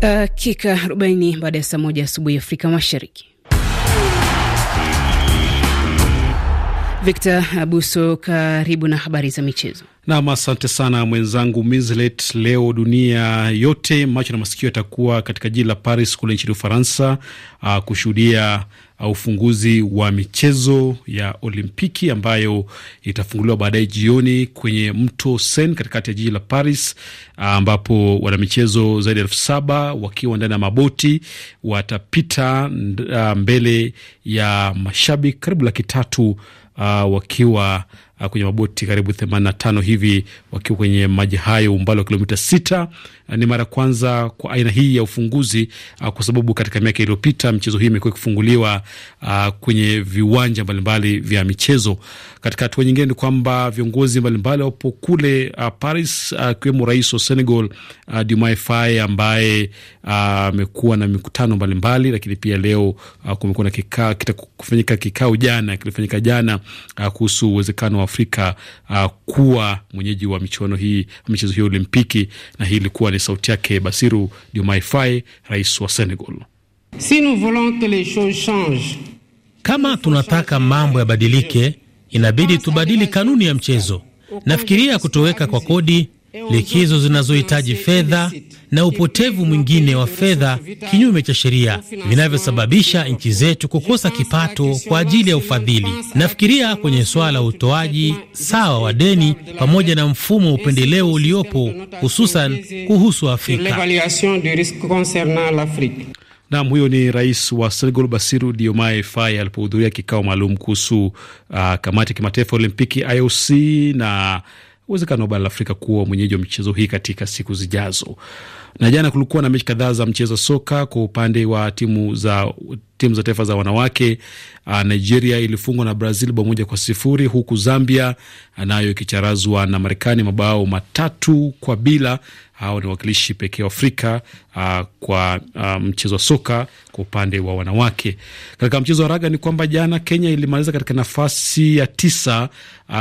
Dakika eh, uh, baada ya saa moja asubuhi Afrika Mashariki. Victor Abuso, karibu na habari za michezo. Nam, asante sana mwenzangu Mislet. Leo dunia yote macho na masikio yatakuwa katika jiji la Paris kule nchini Ufaransa uh, kushuhudia uh, ufunguzi wa michezo ya Olimpiki ambayo itafunguliwa baadaye jioni kwenye mto Sen katikati ya jiji la Paris ambapo wanamichezo zaidi ya elfu saba wakiwa ndani ya maboti watapita uh, mbele ya mashabiki karibu laki tatu uh, wakiwa uh, kwenye maboti karibu themanini na tano hivi wakiwa kwenye maji hayo, umbali wa kilomita sita. Uh, ni mara kwanza kwa aina hii ya ufunguzi uh, kwa sababu katika miaka iliyopita michezo hii imekuwa ikifunguliwa uh, kwenye viwanja mbalimbali vya michezo. Katika hatua nyingine ni kwamba viongozi mbalimbali wapo kule uh, Paris uh, akiwemo uh, rais Senegal uh, Diomaye Faye ambaye uh, amekuwa uh, na mikutano mbalimbali, lakini pia leo uh, kumekuwa na kikao kufanyika kikao jana kilifanyika jana uh, kuhusu uwezekano wa Afrika uh, kuwa mwenyeji wa michuano hii michezo hiyo Olimpiki, na hii ilikuwa ni sauti yake Basiru Diomaye Faye, rais wa Senegal. Si nous voulons que les choses changent. Kama tunataka mambo yabadilike, inabidi tubadili kanuni ya mchezo. Nafikiria kutoweka kwa kodi likizo zinazohitaji fedha na upotevu mwingine wa fedha kinyume cha sheria vinavyosababisha nchi zetu kukosa kipato kwa ajili ya ufadhili. Nafikiria kwenye suala la utoaji sawa wa deni pamoja na mfumo wa upendeleo uliopo hususan kuhusu Afrika. Nam, huyo ni rais wa Senegal Basiru Diomaye Faye alipohudhuria kikao maalum kuhusu uh, kamati ya kimataifa Olimpiki IOC na uwezekano wa bara la Afrika kuwa mwenyeji wa michezo hii katika siku zijazo. Na jana kulikuwa na mechi kadhaa za mchezo soka kwa upande wa timu za timu za taifa za wanawake. Ah, Nigeria ilifungwa na Brazil bao moja kwa sifuri huku Zambia nayo ikicharazwa na Marekani mabao matatu kwa bila. Hao ni wakilishi pekee wa Afrika ah, kwa ah, mchezo wa soka kwa upande wa wanawake. Katika mchezo wa raga ni kwamba jana Kenya ilimaliza katika nafasi ya tisa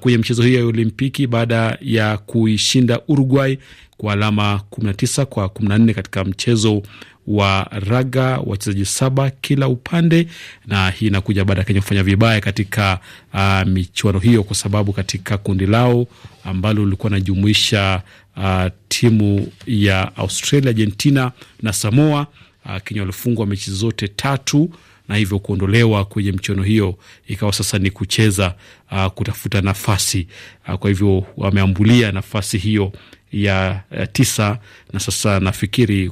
kwenye mchezo hiyo ya Olimpiki baada ya kuishinda Uruguay kwa alama 19 kwa 14 katika mchezo wa raga, wachezaji saba kila upande, na hii inakuja baada ya Kenya kufanya vibaya katika uh, michuano hiyo, kwa sababu katika kundi lao ambalo lilikuwa najumuisha uh, timu ya Australia, Argentina na Samoa uh, Kenya walifungwa mechi zote tatu na hivyo kuondolewa kwenye mchuano hiyo. Ikawa sasa ni kucheza uh, kutafuta nafasi uh, kwa hivyo wameambulia nafasi hiyo ya uh, tisa, na sasa nafikiri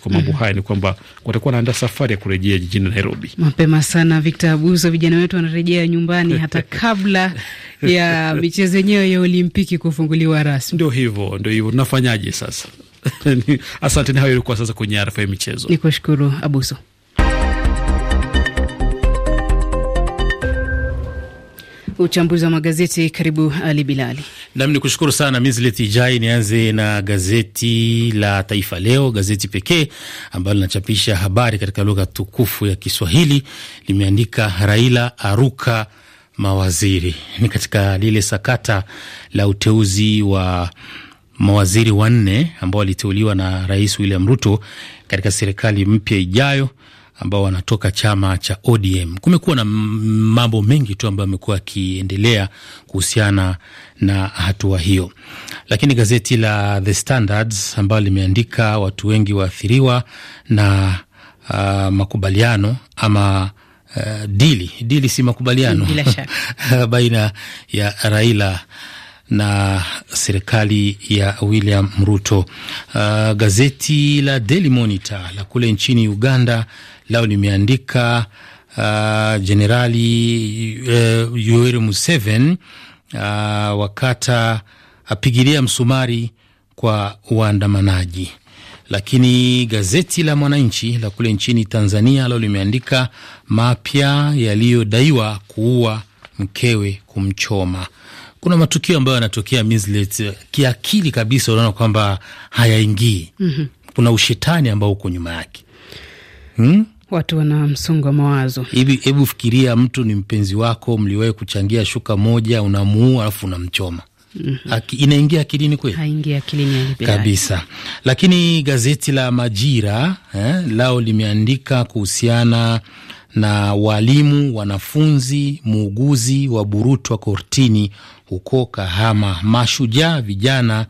kwa mambo mm. haya ni kwamba watakuwa wanaandaa safari ya kurejea jijini Nairobi mapema sana. Victor Abuso, vijana wetu wanarejea nyumbani hata kabla ya michezo yenyewe ya Olimpiki kufunguliwa rasmi. Ndio hivyo, ndio hivyo, tunafanyaje sasa? Asante, ni hayo ilikuwa sasa kwenye ya michezo. Nikushukuru Abuso. Uchambuzi wa magazeti, karibu Ali Bilali. Nam ni kushukuru sana Mislet Ijai. Nianze na gazeti la Taifa Leo, gazeti pekee ambalo linachapisha habari katika lugha tukufu ya Kiswahili. Limeandika Raila aruka mawaziri, ni katika lile sakata la uteuzi wa mawaziri wanne ambao waliteuliwa na Rais William Ruto katika serikali mpya ijayo ambao wanatoka chama cha ODM. Kumekuwa na mambo mengi tu ambayo amekuwa akiendelea kuhusiana na hatua hiyo, lakini gazeti la The Standards ambayo limeandika watu wengi waathiriwa na uh, makubaliano ama uh, dili dili, si makubaliano baina ya Raila na serikali ya William Ruto. Uh, gazeti la Daily Monitor la kule nchini Uganda lao limeandika jenerali uh, uh, Yoweri uh, Museveni uh, wakata apigilia msumari kwa waandamanaji. Lakini gazeti la Mwananchi la kule nchini Tanzania lao limeandika mapya yaliyodaiwa kuua mkewe kumchoma. Kuna matukio ambayo yanatokea uh, kiakili kabisa, unaona kwamba hayaingii. mm -hmm. Kuna ushetani ambao uko nyuma yake hmm? watu wana msongo wa mawazo hivi. Hebu fikiria mtu ni mpenzi wako, mliwahi kuchangia shuka moja, unamuua alafu unamchoma. Mm -hmm. Aki, inaingia akilini kweli? Haingia akilini kabisa. Lakini gazeti la Majira eh, lao limeandika kuhusiana na walimu, wanafunzi, muuguzi wa burutwa kortini huko Kahama. Mashujaa vijana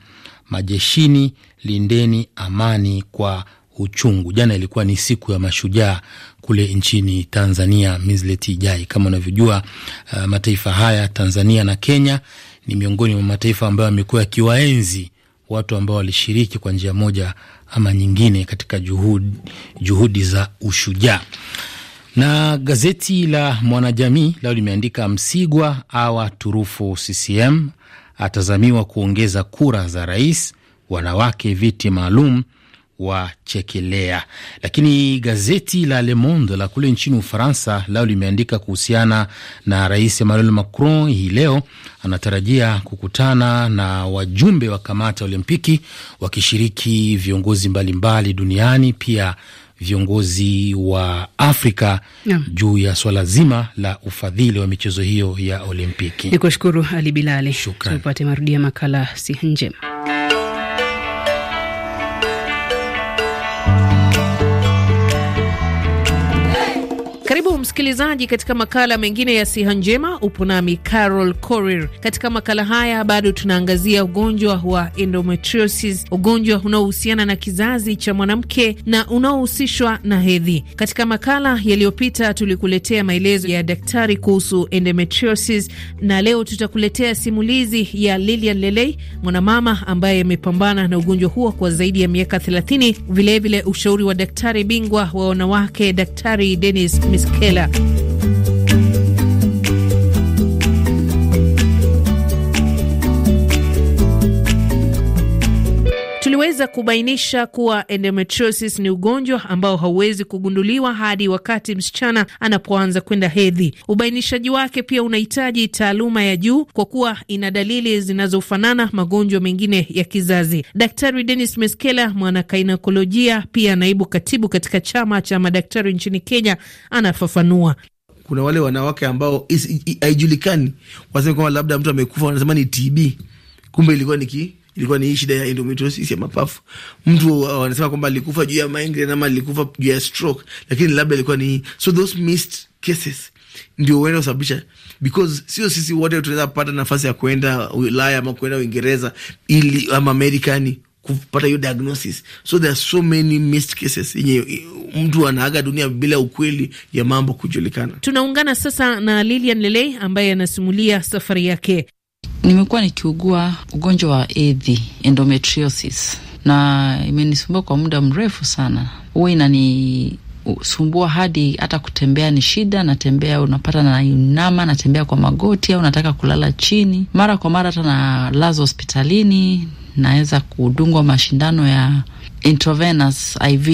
majeshini, lindeni amani kwa uchungu. Jana ilikuwa ni siku ya mashujaa kule nchini Tanzania mizleti ijai. Kama unavyojua, uh, mataifa haya Tanzania na Kenya ni miongoni mwa mataifa ambayo yamekuwa yakiwaenzi watu ambao walishiriki kwa njia moja ama nyingine katika juhudi, juhudi za ushujaa. Na gazeti la Mwanajamii leo limeandika Msigwa awa turufu CCM atazamiwa kuongeza kura za rais, wanawake viti maalum wa chekelea. Lakini gazeti la Le Monde la kule nchini Ufaransa lao limeandika kuhusiana na Rais Emmanuel Macron hii leo anatarajia kukutana na wajumbe wa kamati ya Olimpiki wakishiriki viongozi mbalimbali mbali duniani pia viongozi wa Afrika yeah, juu ya swala zima la ufadhili wa michezo hiyo ya Olimpiki. kushukuru Ali Bilali, tupate marudia makala siha njema. Karibu msikilizaji, katika makala mengine ya siha njema. Upo nami Carol Korir. Katika makala haya bado tunaangazia ugonjwa wa endometriosis, ugonjwa unaohusiana na kizazi cha mwanamke na unaohusishwa na hedhi. Katika makala yaliyopita, tulikuletea maelezo ya daktari kuhusu endometriosis, na leo tutakuletea simulizi ya Lilian Lelei, mwanamama ambaye amepambana na ugonjwa huo kwa zaidi ya miaka 30, vilevile ushauri wa daktari bingwa wa wanawake, Daktari Dennis Esquela. wameweza kubainisha kuwa endometriosis ni ugonjwa ambao hauwezi kugunduliwa hadi wakati msichana anapoanza kwenda hedhi. Ubainishaji wake pia unahitaji taaluma ya juu kwa kuwa ina dalili zinazofanana magonjwa mengine ya kizazi. Daktari denis Meskela, mwanakainakolojia pia naibu katibu katika chama cha madaktari nchini Kenya, anafafanua. Kuna wale wanawake ambao haijulikani, waseme kwamba labda mtu amekufa, wanasema ni TB, kumbe ilikuwa ni ilikuwa ni shida ya endometriosis ya mapafu. Mtu uh, wanasema kwamba alikufa juu ya migraine ama alikufa juu ya stroke, lakini labda ilikuwa ni so those missed cases ndio huenda kusababisha, because sio sisi wote tunaweza pata nafasi ya kuenda Ulaya ama kuenda Uingereza ili ama Amerikani kupata hiyo diagnosis. So there are so many missed cases yenye uh, mtu anaaga dunia bila ukweli ya mambo kujulikana. Tunaungana sasa na Lilian Lelei ambaye anasimulia safari yake. Nimekuwa nikiugua ugonjwa wa edhi, endometriosis, na imenisumbua kwa muda mrefu sana. Huwa inanisumbua hadi hata kutembea ni shida, natembea unapata inama natembea kwa magoti au nataka kulala chini. Mara kwa mara hata nalaza hospitalini, naweza kudungwa mashindano ya intravenous IV,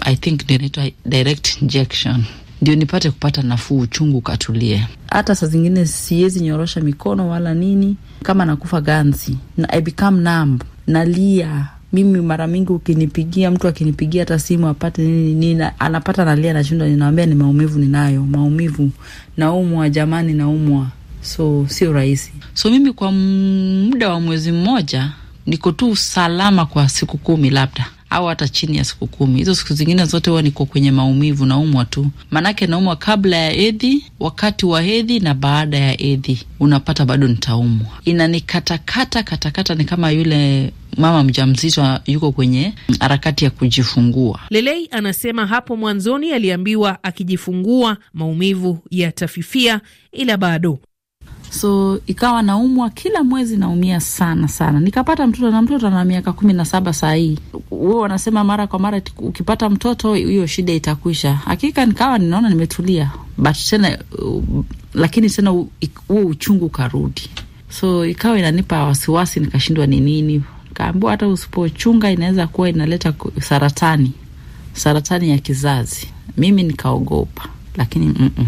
I think inaitwa direct injection ndio nipate kupata nafuu, uchungu katulie. Hata saa zingine siwezi nyorosha mikono wala nini, kama nakufa ganzi na I become numb, nalia mimi mara mingi, ukinipigia mtu akinipigia hata simu apate nini nini, anapata nalia, nashinda, ninawambia ni maumivu ninayo, maumivu, naumwa jamani, naumwa. So sio rahisi. So mimi kwa muda wa mwezi mmoja niko tu salama kwa siku kumi labda au hata chini ya siku kumi. Hizo siku zingine zote huwa niko kwenye maumivu, naumwa tu, maanake naumwa kabla ya hedhi, wakati wa hedhi na baada ya hedhi, unapata bado nitaumwa, inanikatakata katakata, ni kama yule mama mjamzito yuko kwenye harakati ya kujifungua. Lelei anasema hapo mwanzoni aliambiwa akijifungua maumivu yatafifia, ila bado so ikawa naumwa kila mwezi, naumia sana sana. Nikapata mtoto na mtoto ana miaka kumi na saba sahii hii. wanasema mara kwa mara ukipata mtoto hiyo shida itakwisha. Hakika nikawa ninaona nimetulia, but tena lakini tena huo uchungu ukarudi, so ikawa inanipa wasiwasi, nikashindwa ni nini. kaambua hata usipochunga inaweza kuwa inaleta saratani, saratani ya kizazi. Mimi nikaogopa, lakini mm -mm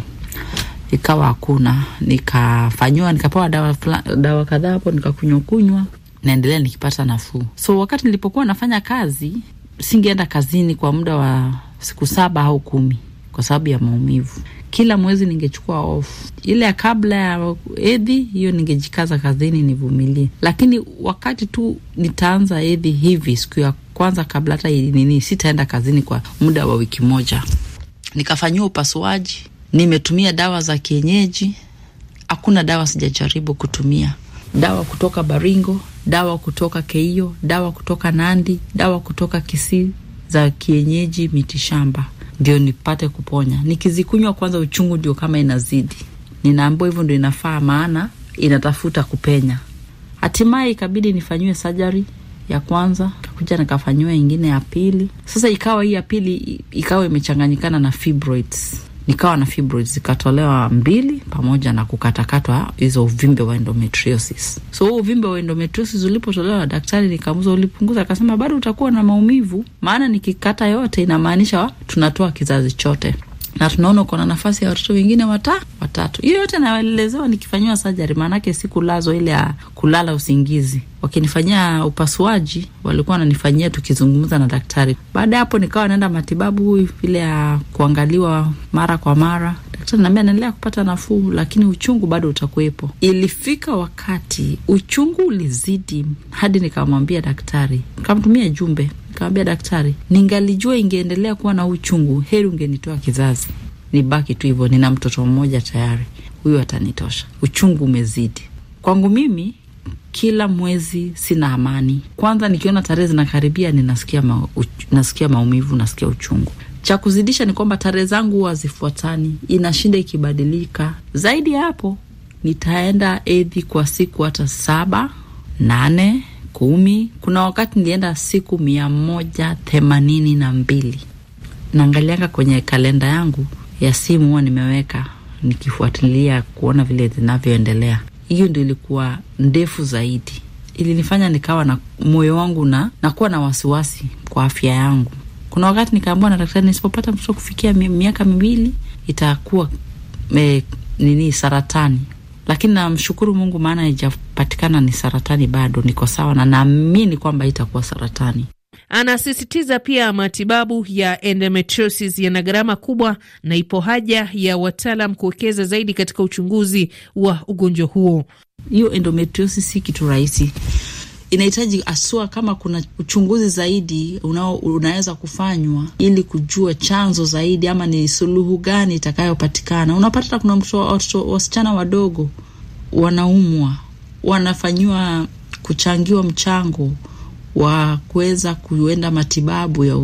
ikawa hakuna, nikafanyiwa, nikapewa dawa dawa kadhaa hapo, nikakunywa kunywa, naendelea nikipata nafuu. So wakati nilipokuwa nafanya kazi, singeenda kazini kwa muda wa siku saba au kumi kwa sababu ya maumivu. Kila mwezi ningechukua off, ile ya kabla ya edhi hiyo ningejikaza kazini nivumilie, lakini wakati tu nitaanza edhi hivi siku ya kwanza kabla hata nini, sitaenda kazini kwa muda wa wiki moja. Nikafanyiwa upasuaji Nimetumia dawa za kienyeji, hakuna dawa sijajaribu kutumia, dawa kutoka Baringo, dawa kutoka Keio, dawa kutoka Nandi, dawa kutoka Kisii za kienyeji, mitishamba ndio nipate kuponya. Nikizikunywa kwanza, uchungu ndio kama inazidi, ninaambiwa hivyo ndio inafaa, maana inatafuta kupenya. Hatimaye ikabidi nifanyiwe sajari ya kwanza, kakuja nikafanyiwa ingine ya pili. Sasa ikawa hii ya pili ikawa imechanganyikana na fibroids nikawa na fibroids zikatolewa mbili pamoja na kukatakatwa hizo uvimbe wa endometriosis. So huu uvimbe wa endometriosis ulipotolewa na daktari, nikamuza ulipunguza, akasema bado utakuwa na maumivu, maana nikikata yote inamaanisha tunatoa kizazi chote na tunaona uko na nafasi ya watoto wengine wata watatu. Hiyo yote naelezewa nikifanyiwa sajari, maanake sikulazwa ile ya kulala usingizi. Wakinifanyia upasuaji walikuwa wananifanyia tukizungumza na daktari. Baada ya hapo, nikawa naenda matibabu ile ya kuangaliwa mara kwa mara. Daktari naambia naendelea kupata nafuu, lakini uchungu bado utakuwepo. Ilifika wakati uchungu ulizidi hadi nikamwambia daktari, nikamtumia jumbe nikamwambia daktari, ningalijua ingeendelea kuwa na uchungu, heri ungenitoa kizazi, nibaki tu hivyo, nina mtoto mmoja tayari, huyu atanitosha. Uchungu umezidi kwangu mimi kila mwezi sina amani. Kwanza nikiona tarehe zinakaribia ninasikia ma, uch, nasikia maumivu, nasikia uchungu. Cha kuzidisha ni kwamba tarehe zangu huwa hazifuatani, inashinda ikibadilika. Zaidi ya hapo, nitaenda edhi kwa siku hata saba, nane kumi. Kuna wakati nilienda siku mia moja themanini na mbili. Naangalianga kwenye kalenda yangu ya simu, huwa nimeweka nikifuatilia kuona vile zinavyoendelea. Hiyo ndio ilikuwa ndefu zaidi, ilinifanya nikawa na moyo wangu na nakuwa na wasiwasi kwa afya yangu. Kuna wakati nikaambiwa na daktari, nisipopata mtoto kufikia miaka miwili itakuwa eh, nini saratani lakini namshukuru Mungu maana haijapatikana ni saratani, bado niko sawa na naamini kwamba itakuwa saratani. Anasisitiza pia matibabu ya endometriosis yana gharama kubwa na ipo haja ya wataalam kuwekeza zaidi katika uchunguzi wa ugonjwa huo. Hiyo endometriosis si kitu rahisi inahitaji asua, kama kuna uchunguzi zaidi unao, unaweza kufanywa ili kujua chanzo zaidi, ama ni suluhu gani itakayopatikana. Unapata kuna mtu wasichana wadogo wanaumwa, wanafanyiwa kuchangiwa mchango wa kuweza kuenda matibabu ya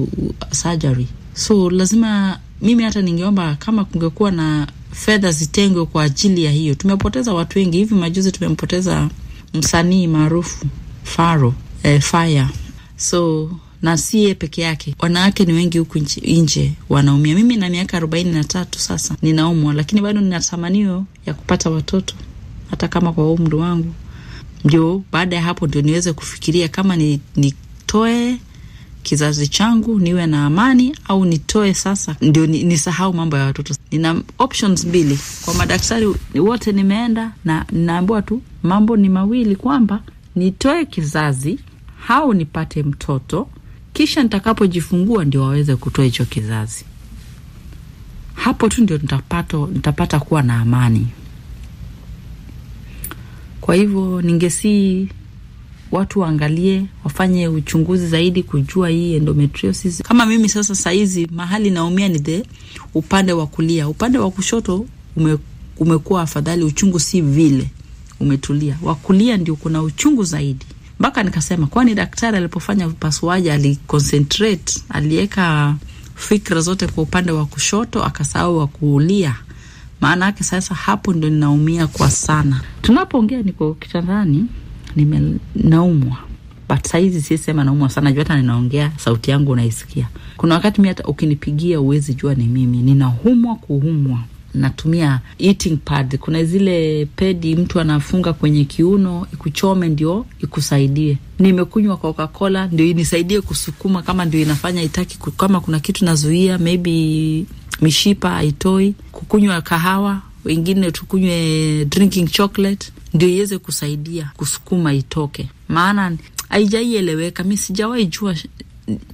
surgery. So lazima mimi hata ningeomba kama kungekuwa na fedha zitengwe kwa ajili ya hiyo. Tumepoteza watu wengi hivi majuzi, tumempoteza msanii maarufu faro eh, fire so na siye peke yake, wanawake ni wengi huku nje wanaumia. Mimi na miaka arobaini na tatu sasa ninaumwa, lakini bado nina tamanio ya kupata watoto, hata kama kwa umri wangu. Ndio baada ya hapo ndio niweze kufikiria kama ni, nitoe kizazi changu niwe na amani au nitoe sasa ndio nisahau mambo ya watoto. Nina options mbili. Kwa madaktari wote nimeenda na ninaambiwa tu mambo ni mawili, kwamba nitoe kizazi au nipate mtoto, kisha nitakapojifungua ndio waweze kutoa hicho kizazi. Hapo tu ndio nitapata, nitapata kuwa na amani. Kwa hivyo ningesii watu waangalie, wafanye uchunguzi zaidi kujua hii endometriosis. Kama mimi sasa, saizi mahali naumia ni the upande wa kulia, upande wa kushoto ume, umekuwa afadhali, uchungu si vile umetulia, wa kulia ndio kuna uchungu zaidi. Mpaka nikasema kwani daktari alipofanya upasuaji aliconcentrate, aliweka fikra zote kwa upande wa kushoto, akasahau wa kuulia. Maana yake sasa hapo ndio ninaumia kwa sana. Tunapoongea niko kitandani, nimenaumwa but saizi si sema naumwa sana juu hata ninaongea sauti yangu unaisikia. Kuna wakati mi hata ukinipigia uwezi jua ni mimi, ninahumwa kuhumwa natumia eating pad. Kuna zile pedi mtu anafunga kwenye kiuno ikuchome ndio ikusaidie. Nimekunywa Coca-Cola ndio inisaidie kusukuma, kama ndio inafanya itaki, kama kuna kitu nazuia maybe mishipa haitoi. Kukunywa kahawa, wengine tukunywe drinking chocolate ndio iweze kusaidia kusukuma itoke, maana haijaieleweka. Mi sijawahi jua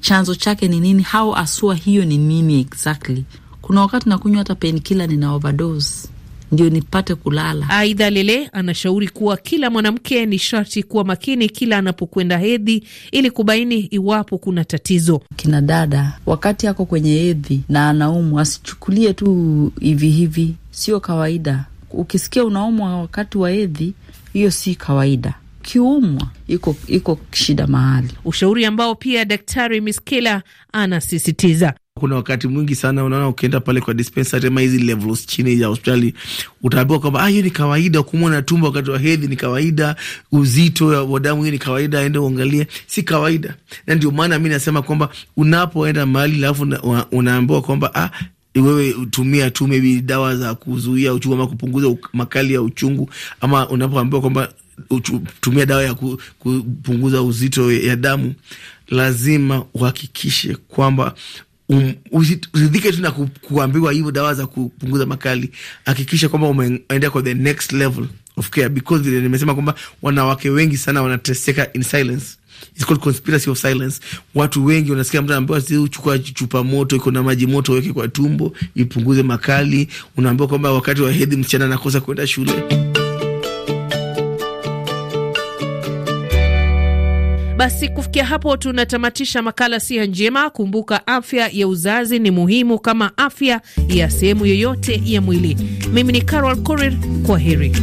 chanzo chake ni nini, hao asua hiyo ni nini exactly kuna wakati nakunywa hata penkila, nina overdose ndio nipate kulala. Aidha, Lele anashauri kuwa kila mwanamke ni sharti kuwa makini kila anapokwenda hedhi ili kubaini iwapo kuna tatizo. Kina dada, wakati ako kwenye hedhi na anaumwa, asichukulie tu hivi hivi, sio kawaida. Ukisikia unaumwa wakati wa hedhi, hiyo si kawaida kiumwa iko iko shida mahali. Ushauri ambao pia Daktari Miskela anasisitiza kuna wakati mwingi sana unaona ukienda pale kwa dispensary ama hizi levels chini ya hospitali utaambiwa kwamba ah, hiyo ni kawaida. kumwa na tumbo wakati wa hedhi ni kawaida, uzito wa damu hiyo ni kawaida, aende uangalie. Si kawaida, na ndio maana mi nasema kwamba unapoenda mahali alafu unaambiwa kwamba ah, wewe tumia tu maybe dawa za kuzuia uchungu ama kupunguza makali ya uchungu, ama unapoambiwa kwamba tumia dawa ya kupunguza uzito ya damu, lazima uhakikishe kwamba um, usidhike tu na ku, kuambiwa hivyo dawa za kupunguza makali. Hakikisha kwamba umeendea kwa the next level of care, because vile nimesema kwamba wanawake wengi sana wanateseka in silence. It's called conspiracy of silence. Watu wengi wanasikia mtu anaambiwa si uchukua chupa moto iko na maji moto weke kwa tumbo ipunguze makali. Unaambiwa kwamba wakati wa hedhi msichana anakosa kwenda shule. Basi kufikia hapo tunatamatisha makala Siha Njema. Kumbuka, afya ya uzazi ni muhimu kama afya ya sehemu yoyote ya mwili. Mimi ni Carol Korir, kwa heri.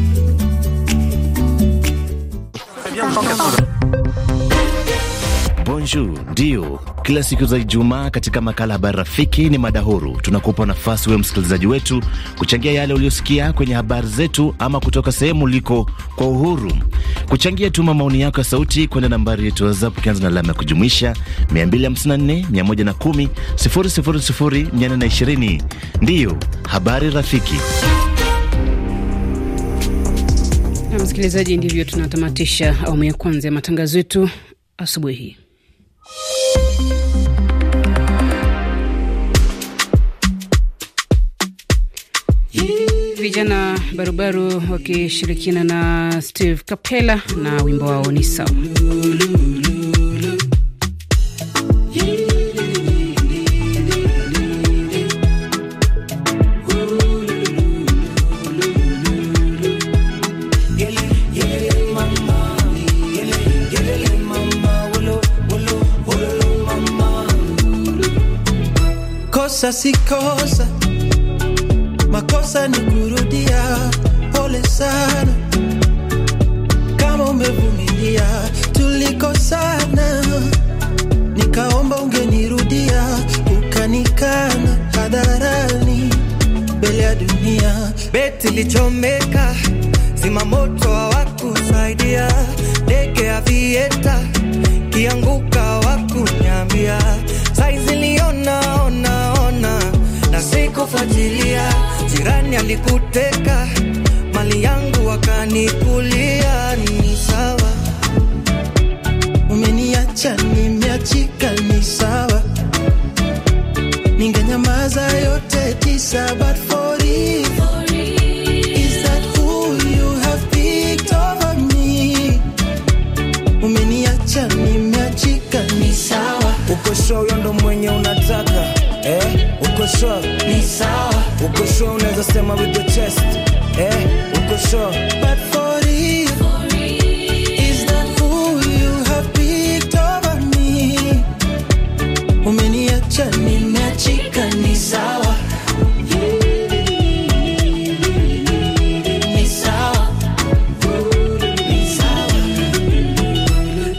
Bonjour ndio kila siku za Ijumaa katika makala Habari Rafiki ni mada huru. Tunakupa nafasi wewe msikilizaji wetu kuchangia yale uliosikia kwenye habari zetu ama kutoka sehemu uliko kwa uhuru kuchangia. Tuma maoni yako ya sauti kwenda nambari yetu WhatsApp ukianza na alama ya kujumuisha 254 Ndiyo Habari Rafiki. msikilizaji, ndivyo tunatamatisha awamu ya kwanza ya matangazo yetu asubuhi hii. vijana barubaru wakishirikiana na Steve Kapela na wimbo wao ni sawa. Kosa kosa makosa ni kurudia, pole sana kama umevumilia, tulikosana nikaomba ungenirudia, ukanikana hadharani mbele ya dunia. Beti lichomeka, zima moto hawakusaidia, ndege ya vieta kianguka hawakunyambia, saizi liona ona ona na sikufuatilia Jirani alikuteka mali yangu wakani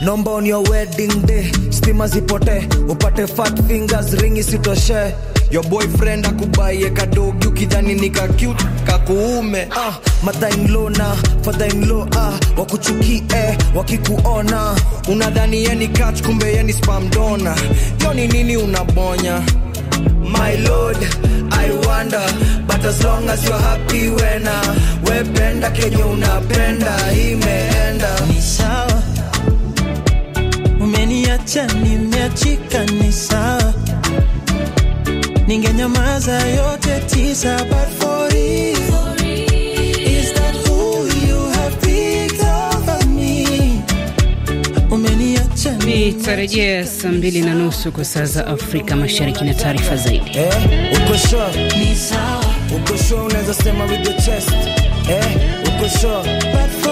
Number on your wedding day stima zipote upate fat fingers ringi sitoshe. Your boyfriend akubaye kadogi ukidhani ni ka cute kakuume ah, mother-in-law na father-in-law ah, wakuchukie eh, wakikuona unadhani yani catch kumbe yani spam dona yoni nini unabonya my lord i wonder but as long as you're happy wena wependa kenye unapenda imeenda ni sawa umeniacha nimeachika ningenyamaza yote tisa but for you Nitarejea saa mbili na nusu kwa saa za Afrika Mashariki na taarifa zaidi. Eh, uko